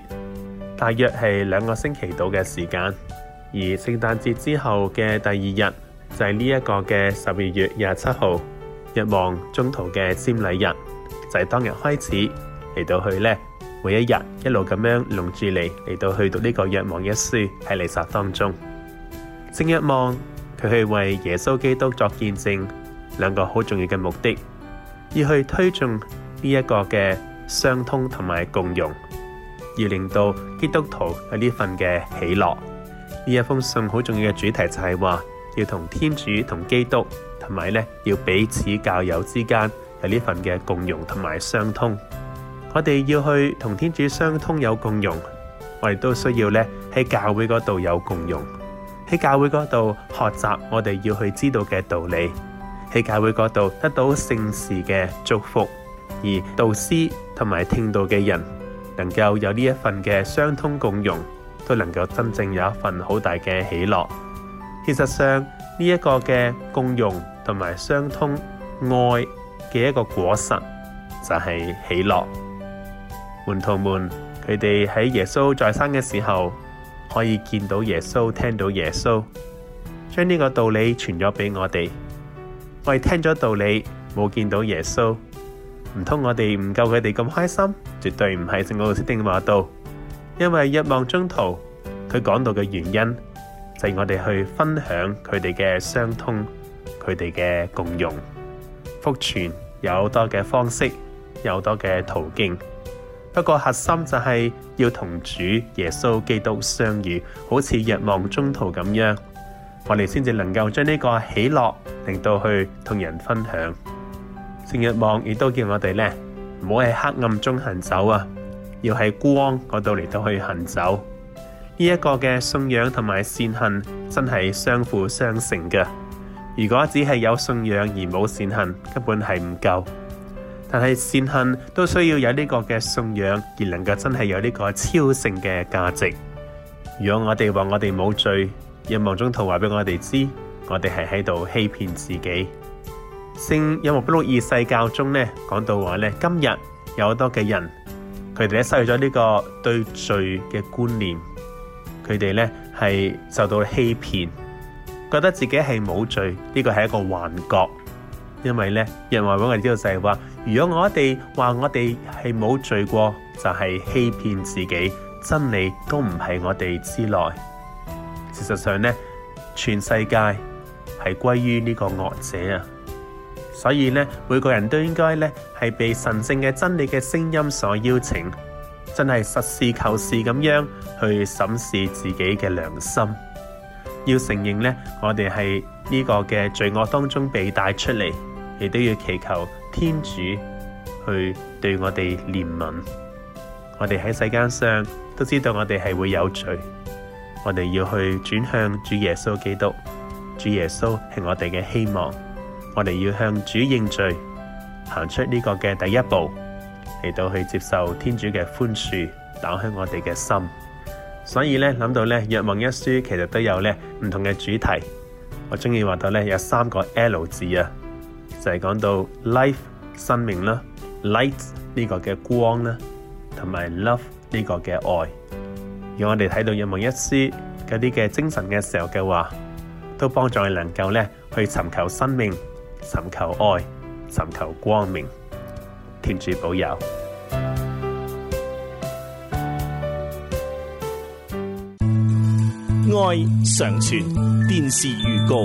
大約係兩個星期到嘅時間，而聖誕節之後嘅第二日，就係呢一個嘅十二月廿七號，若望宗徒嘅瞻禮日就係當日開始嚟到去呢，每一日一路咁樣弄住你嚟到去讀呢個若望一書喺利撒當中。正若望佢去為耶穌基督作見證，兩個好重要嘅目的，要去推進呢一個嘅相通同埋共融，要令到基督徒有呢份嘅喜樂。呢一封信好重要嘅主題就係話。要同天主、同基督，同埋咧要彼此教友之間有呢份嘅共融同埋相通。我哋要去同天主相通有共融，我哋都需要咧喺教會嗰度有共融，喺教會嗰度學習我哋要去知道嘅道理，喺教會嗰度得到聖事嘅祝福，而導師同埋聽到嘅人能夠有呢一份嘅相通共融，都能夠真正有一份好大嘅喜樂。事實上呢一個嘅共用同埋相通愛嘅一個果實就係喜樂。門徒們佢哋喺耶穌在生嘅時候可以見到耶穌，聽到耶穌，將呢個道理傳咗俾我哋。我哋聽咗道理，冇見到耶穌，唔通我哋唔夠佢哋咁開心？絕對唔係。聖奧斯定話到，因為日望中途佢講到嘅原因。就係我哋去分享佢哋嘅相通，佢哋嘅共融、福傳有多嘅方式，有多嘅途徑。不過核心就係要同主耶穌基督相遇，好似日望中途咁樣，我哋先至能夠將呢個喜樂，令到去同人分享。聖日望亦都叫我哋咧，唔好喺黑暗中行走啊，要喺光嗰度嚟到去行走。呢、這、一個嘅信仰同埋善行真係相輔相成嘅。如果只係有信仰而冇善行，根本係唔夠。但係善行都需要有呢個嘅信仰而能夠真係有呢個超性嘅價值。如果我哋話我哋冇罪，若望宗徒話俾我哋知，我哋係喺度欺騙自己。聖若望保祿二世教宗呢，講到話呢，今日有好多嘅人，佢哋都失去咗呢個對罪嘅觀念。佢哋呢係受到欺騙，覺得自己係冇罪，呢個係一個幻覺。因為呢，人話俾我知道就係話，如果我哋話我哋係冇罪過，就係、是、欺騙自己。真理都唔係我哋之內。事實上呢，全世界係歸於呢個惡者啊！所以呢，每個人都應該呢係被神聖嘅真理嘅聲音所邀請。真係實事求是咁樣去審視自己嘅良心，要承認呢，我哋係呢個嘅罪惡當中被帶出嚟，亦都要祈求天主去對我哋憐憫。我哋喺世間上都知道我哋係會有罪，我哋要去轉向主耶穌基督，主耶穌係我哋嘅希望。我哋要向主認罪，行出呢個嘅第一步。嚟到去接受天主嘅寬恕，打開我哋嘅心。所以咧諗到咧《若望一書》其實都有咧唔同嘅主題。我中意話到咧有三個 L 字啊，就係講到 life 生命啦，light 呢個嘅光啦，同埋 love 呢個嘅愛。如果我哋睇到《若望一書》嗰啲嘅精神嘅時候嘅話，都幫助你能夠咧去尋求生命、尋求愛、尋求光明。天主保佑，愛常存。電視預告：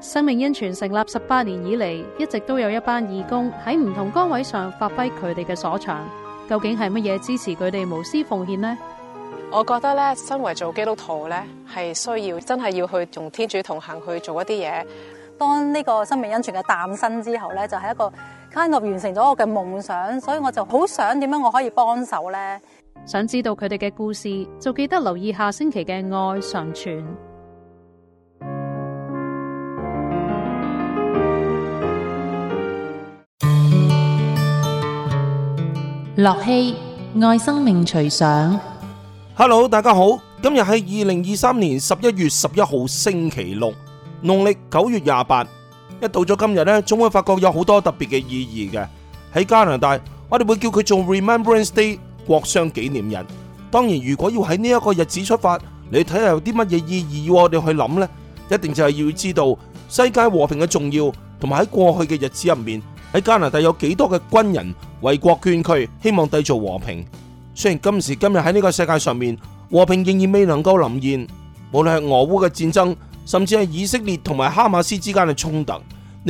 生命恩泉成立十八年以嚟，一直都有一班義工喺唔同崗位上發揮佢哋嘅所長。究竟係乜嘢支持佢哋無私奉獻呢？我覺得咧，身為做基督徒咧，係需要真係要去同天主同行去做一啲嘢。當呢個生命恩泉嘅誕生之後咧，就係、是、一個，我完成咗我嘅夢想，所以我就好想點樣我可以幫手咧。想知道佢哋嘅故事，就記得留意下星期嘅《愛常傳》。駱曦愛生命隨想。hello，大家好，今日係二零二三年十一月十一號星期六，農曆九月廿八，一到咗今日呢，總會發覺有好多特別嘅意義嘅。喺加拿大，我哋會叫佢做 Remembrance Day，國殤紀念日。當然，如果要喺呢一個日子出發，你睇下有啲乜嘢意義，要我哋去諗呢，一定就係要知道世界和平嘅重要，同埋喺過去嘅日子入面，喺加拿大有幾多嘅軍人為國捐軀，希望締造和平。雖然今時今日喺呢個世界上面，和平仍然未能夠臨現，無論係俄烏嘅戰爭，甚至係以色列同埋哈馬斯之間嘅衝突，呢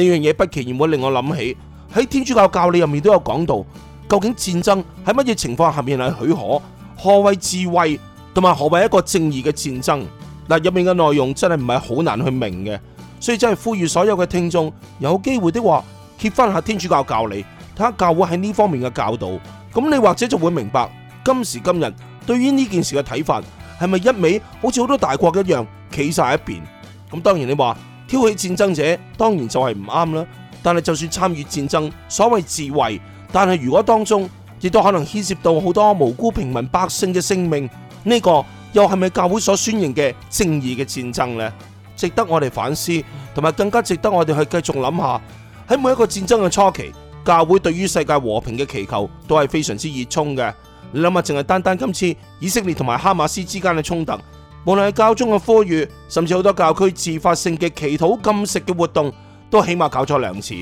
樣嘢不期然會令我諗起喺天主教教理入面都有講到，究竟戰爭喺乜嘢情況下面係許可，何謂智慧，同埋何謂一個正義嘅戰爭？嗱，入面嘅內容真係唔係好難去明嘅，所以真係呼籲所有嘅聽眾有機會的話，揭翻下天主教教理，睇下教會喺呢方面嘅教導，咁你或者就會明白。今時今日，對於呢件事嘅睇法係咪一味好似好多大國一樣企晒一邊咁？當然你話挑起戰爭者當然就係唔啱啦。但係就算參與戰爭，所謂自衛，但係如果當中亦都可能牽涉到好多無辜平民百姓嘅性命，呢個又係咪教會所宣揚嘅正義嘅戰爭呢？值得我哋反思，同埋更加值得我哋去繼續諗下喺每一個戰爭嘅初期，教會對於世界和平嘅祈求都係非常之熱衷嘅。你諗下，淨係單單今次以色列同埋哈馬斯之間嘅衝突，無論係教宗嘅呼籲，甚至好多教區自發性嘅祈禱、禁食嘅活動，都起碼搞咗兩次。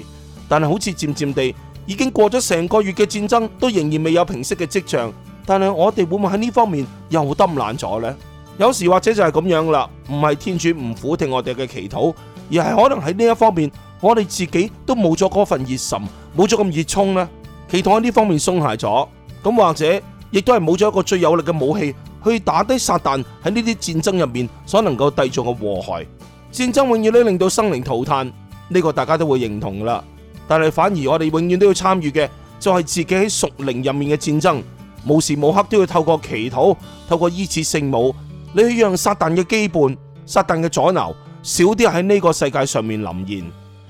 但係好似漸漸地，已經過咗成個月嘅戰爭，都仍然未有平息嘅跡象。但係我哋會唔會喺呢方面又得唔懶咗咧？有時或者就係咁樣啦，唔係天主唔俯聽我哋嘅祈禱，而係可能喺呢一方面，我哋自己都冇咗嗰份熱忱，冇咗咁熱衷咧，祈禱喺呢方面鬆懈咗，咁或者。亦都係冇咗一個最有力嘅武器去打低撒旦喺呢啲戰爭入面所能夠締造嘅禍害。戰爭永遠都令到生靈塗炭，呢、這個大家都會認同啦。但係反而我哋永遠都要參與嘅就係自己喺屬靈入面嘅戰爭，無時無刻都要透過祈禱、透過依恃聖母，你去讓撒旦嘅羈絆、撒旦嘅阻撓少啲喺呢個世界上面臨現。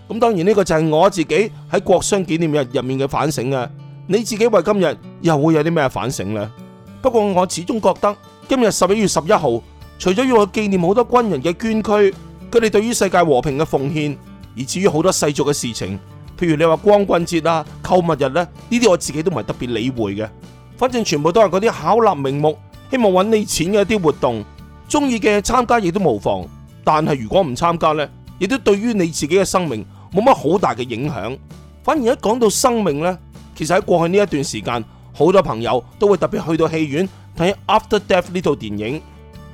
咁當然呢個就係我自己喺國殤紀念日入面嘅反省啊！你自己為今日又會有啲咩反省呢？不過我始終覺得今日十一月十一號，除咗要去紀念好多軍人嘅捐軀，佢哋對於世界和平嘅奉獻，而至於好多世俗嘅事情，譬如你話光棍節啊、購物日咧，呢啲我自己都唔係特別理會嘅。反正全部都係嗰啲巧立名目，希望揾你錢嘅一啲活動，中意嘅參加亦都無妨。但係如果唔參加呢，亦都對於你自己嘅生命冇乜好大嘅影響。反而一講到生命呢。其實喺過去呢一段時間，好多朋友都會特別去到戲院睇《After Death》呢套電影。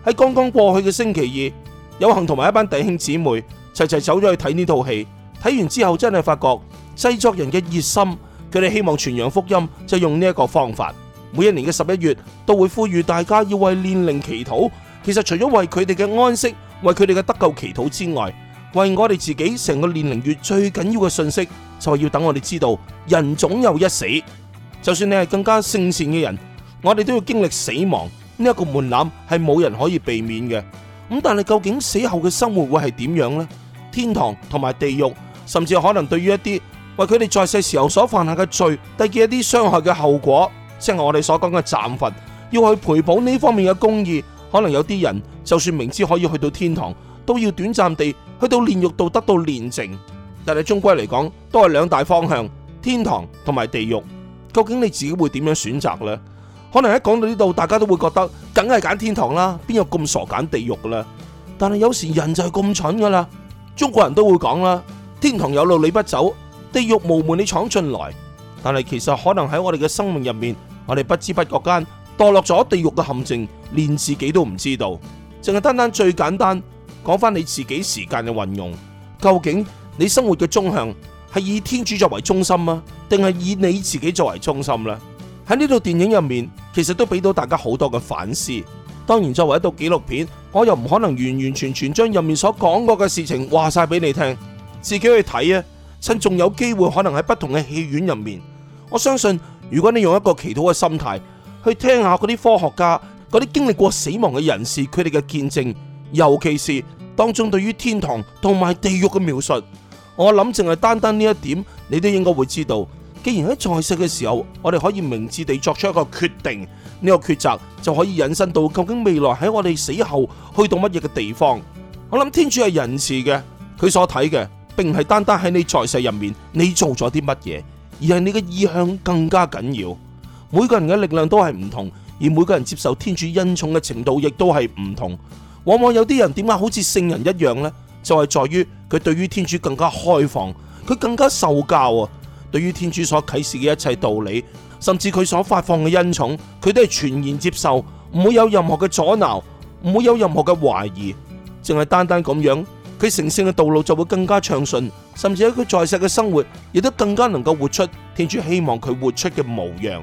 喺剛剛過去嘅星期二，有幸同埋一班弟兄姊妹齊齊走咗去睇呢套戲。睇完之後，真係發覺製作人嘅熱心，佢哋希望傳揚福音就用呢一個方法。每一年嘅十一月都會呼籲大家要為煉靈祈禱。其實除咗為佢哋嘅安息、為佢哋嘅得救祈禱之外，為我哋自己成個煉靈月最緊要嘅信息。就係、是、要等我哋知道，人總有一死。就算你係更加聖善嘅人，我哋都要經歷死亡呢一個門檻，係冇人可以避免嘅。咁但係究竟死後嘅生活會係點樣呢？天堂同埋地獄，甚至可能對於一啲為佢哋在世時候所犯下嘅罪，帶嚟一啲傷害嘅後果，即係我哋所講嘅暫罰，要去賠補呢方面嘅公義。可能有啲人就算明知可以去到天堂，都要短暫地去到煉獄度得到煉淨。但係終歸嚟講，都係兩大方向：天堂同埋地獄。究竟你自己會點樣選擇呢？可能一講到呢度，大家都會覺得梗係揀天堂啦，邊有咁傻揀地獄噶啦？但係有時人就係咁蠢噶啦。中國人都會講啦：天堂有路你不走，地獄無門你闖進來。但係其實可能喺我哋嘅生命入面，我哋不知不覺間墮落咗地獄嘅陷阱，連自己都唔知道。淨係單單最簡單，講翻你自己時間嘅運用，究竟？你生活嘅中向係以天主作為中心啊，定係以你自己作為中心呢？喺呢套電影入面，其實都俾到大家好多嘅反思。當然，作為一套紀錄片，我又唔可能完完全全將入面所講過嘅事情話曬俾你聽，自己去睇啊。趁仲有機會，可能喺不同嘅戲院入面，我相信如果你用一個祈禱嘅心態去聽下嗰啲科學家、嗰啲經歷過死亡嘅人士佢哋嘅見證，尤其是當中對於天堂同埋地獄嘅描述。我諗淨係單單呢一點，你都應該會知道。既然喺在世嘅時候，我哋可以明智地作出一個決定，呢個抉擇就可以引申到究竟未來喺我哋死後去到乜嘢嘅地方。我諗天主係仁慈嘅，佢所睇嘅並唔係單單喺你在世入面你做咗啲乜嘢，而係你嘅意向更加緊要。每個人嘅力量都係唔同，而每個人接受天主恩寵嘅程度亦都係唔同。往往有啲人點解好似聖人一樣呢？就係在於佢對於天主更加開放，佢更加受教啊！對於天主所啟示嘅一切道理，甚至佢所發放嘅恩寵，佢都係全然接受，唔會有任何嘅阻撓，唔會有任何嘅懷疑，淨係單單咁樣，佢成聖嘅道路就會更加暢順，甚至喺佢在世嘅生活，亦都更加能夠活出天主希望佢活出嘅模樣。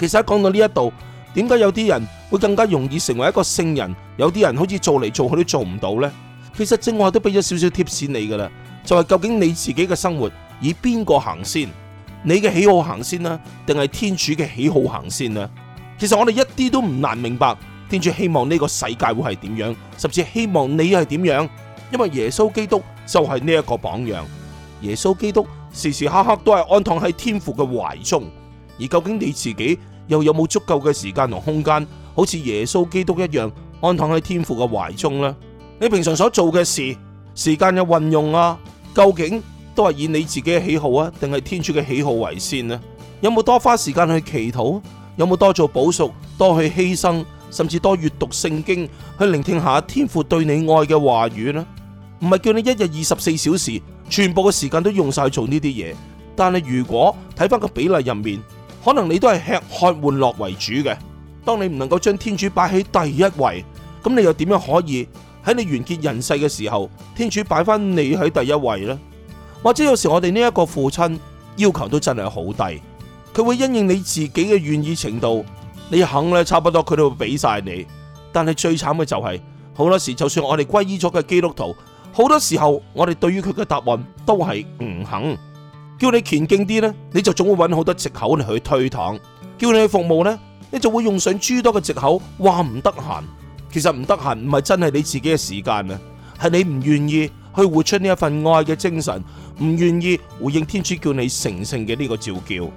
其實講到呢一度，點解有啲人會更加容易成為一個聖人，有啲人好似做嚟做去都做唔到呢？其實正話都俾咗少少貼士你噶啦，就係究竟你自己嘅生活以邊個行先？你嘅喜好行先呢？定係天主嘅喜好行先呢？其實我哋一啲都唔難明白，天主希望呢個世界會係點樣，甚至希望你係點樣。因為耶穌基督就係呢一個榜樣。耶穌基督時時刻刻都係安躺喺天父嘅懷中。而究竟你自己又有冇足夠嘅時間同空間，好似耶穌基督一樣安躺喺天父嘅懷中呢？你平常所做嘅事、時間嘅運用啊，究竟都係以你自己嘅喜好啊，定係天主嘅喜好為先呢？有冇多花時間去祈禱？有冇多做補贖、多去犧牲，甚至多閱讀聖經，去聆聽下天父對你愛嘅話語呢？唔係叫你一日二十四小時全部嘅時間都用晒去做呢啲嘢，但係如果睇返個比例入面，可能你都係吃喝玩樂為主嘅。當你唔能夠將天主擺喺第一位，咁你又點樣可以？喺你完結人世嘅時候，天主擺返你喺第一位啦。或者有時我哋呢一個父親要求都真係好低，佢會因應你自己嘅願意程度，你肯咧，差不多佢都會俾晒你。但係最慘嘅就係、係、好多時，就算我哋皈依咗嘅基督徒，好多時候我哋對於佢嘅答案都係唔肯。叫你虔敬啲呢，你就總會揾好多借口嚟去推搪；叫你去服務呢，你就會用上諸多嘅借口話唔得閒。其實唔得閒，唔係真係你自己嘅時間啊，係你唔願意去活出呢一份愛嘅精神，唔願意回應天主叫你成聖嘅呢個召叫。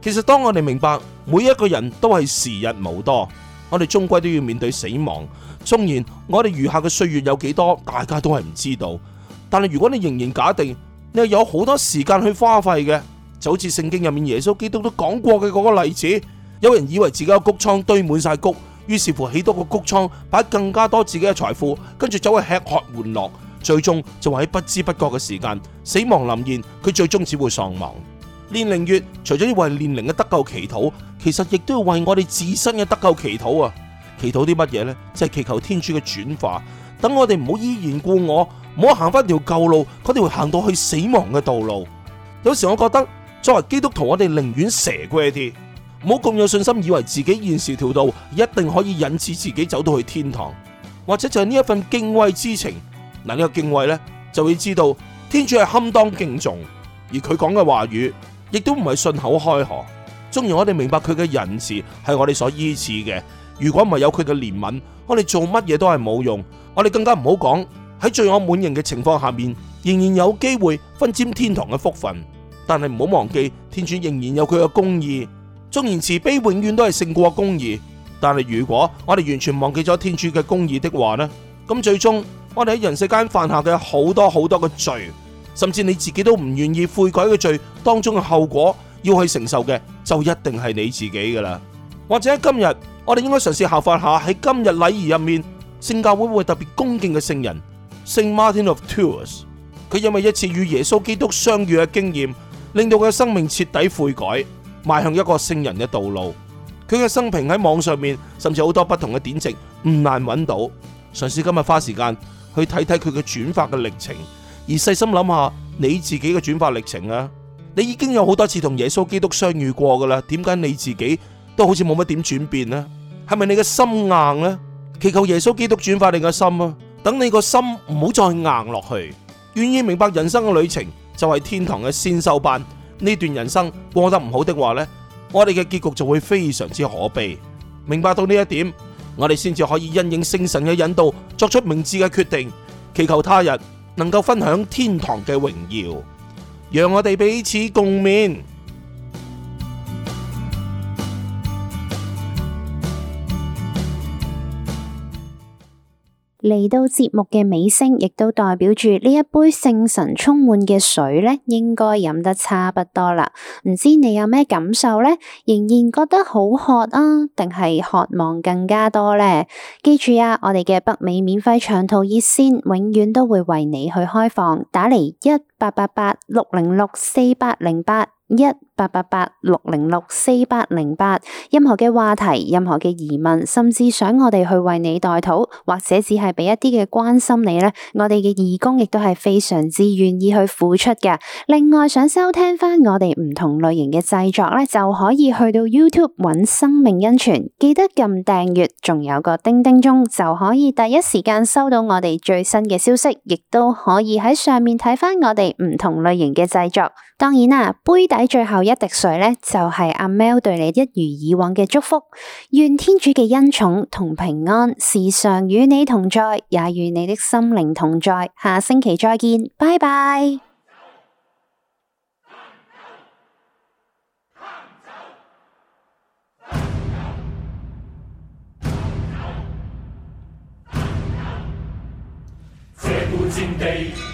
其實當我哋明白每一個人都係時日無多，我哋終歸都要面對死亡。縱然我哋餘下嘅歲月有幾多，大家都係唔知道。但係如果你仍然假定你係有好多時間去花費嘅，就好似聖經入面耶穌基督都講過嘅嗰個例子，有人以為自己個谷倉堆滿晒谷。於是乎起多個谷倉，擺更加多自己嘅財富，跟住走去吃喝玩樂，最終就喺不知不覺嘅時間，死亡臨現，佢最終只會喪亡。煉靈月除咗為煉靈嘅得救祈禱，其實亦都要為我哋自身嘅得救祈禱啊！祈禱啲乜嘢呢？就係祈求天主嘅轉化，等我哋唔好依然故我，唔好行翻條舊路，佢哋會行到去死亡嘅道路。有時我覺得作為基督徒，我哋寧願蛇過一啲。唔好咁有信心，以為自己現時條道一定可以引致自己走到去天堂，或者就係呢一份敬畏之情。嗱，呢個敬畏呢，就會知道天主係堪當敬重，而佢講嘅話語亦都唔係信口開河。縱然我哋明白佢嘅仁慈係我哋所依恃嘅，如果唔係有佢嘅憐憫，我哋做乜嘢都係冇用。我哋更加唔好講喺罪惡滿盈嘅情況下面，仍然有機會分沾天堂嘅福分。但係唔好忘記，天主仍然有佢嘅公義。縱然慈悲永遠都係勝過公義，但係如果我哋完全忘記咗天主嘅公義的話呢，咁最終我哋喺人世間犯下嘅好多好多嘅罪，甚至你自己都唔願意悔改嘅罪當中嘅後果，要去承受嘅就一定係你自己噶啦。或者喺今日我哋應該嘗試效法下喺今日禮儀入面，聖教會會特別恭敬嘅聖人，聖 Martin of Tours，佢因為一次與耶穌基督相遇嘅經驗，令到佢嘅生命徹底悔改。邁向一個聖人嘅道路，佢嘅生平喺網上面，甚至好多不同嘅典籍唔難揾到。嘗試今日花時間去睇睇佢嘅轉發嘅歷程，而細心諗下你自己嘅轉發歷程啊，你已經有好多次同耶穌基督相遇過噶啦，點解你自己都好似冇乜點轉變呢？係咪你嘅心硬呢？祈求耶穌基督轉化你嘅心啊！等你個心唔好再硬落去，願意明白人生嘅旅程就係天堂嘅先修班。呢段人生過得唔好的話呢，我哋嘅結局就會非常之可悲。明白到呢一點，我哋先至可以因應聖神嘅引導，作出明智嘅決定，祈求他日能夠分享天堂嘅榮耀，讓我哋彼此共勉。嚟到節目嘅尾聲，亦都代表住呢一杯聖神充滿嘅水呢應該飲得差不多啦。唔知你有咩感受呢？仍然覺得好渴啊，定係渴望更加多呢？記住啊，我哋嘅北美免費長途熱線永遠都會為你去開放，打嚟一八八八六零六四八零八。一八八八六零六四八零八，任何嘅話題，任何嘅疑問，甚至想我哋去為你代禱，或者只係俾一啲嘅關心你呢，我哋嘅義工亦都係非常之願意去付出嘅。另外，想收聽翻我哋唔同類型嘅製作呢，就可以去到 YouTube 揾生命恩泉，記得撳訂閱，仲有個叮叮鐘就可以第一時間收到我哋最新嘅消息，亦都可以喺上面睇翻我哋唔同類型嘅製作。當然啦，杯底最後一滴水呢，就係阿 Mel 對你一如以往嘅祝福。願天主嘅恩寵同平安時常與你同在，也與你的心靈同在。下星期再見，拜拜。跟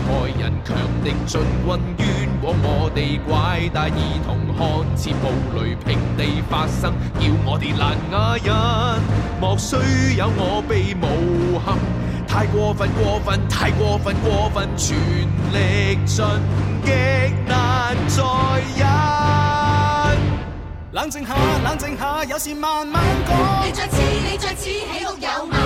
害人強力進軍，冤枉我哋拐帶兒童，看似暴雷平地發生，叫我哋難啞忍。莫須有，我被誣陷。太過分，過分，太過分，過分，全力盡擊難再忍。冷靜下，冷靜下，有事慢慢講。你再此，你再此，豈獨有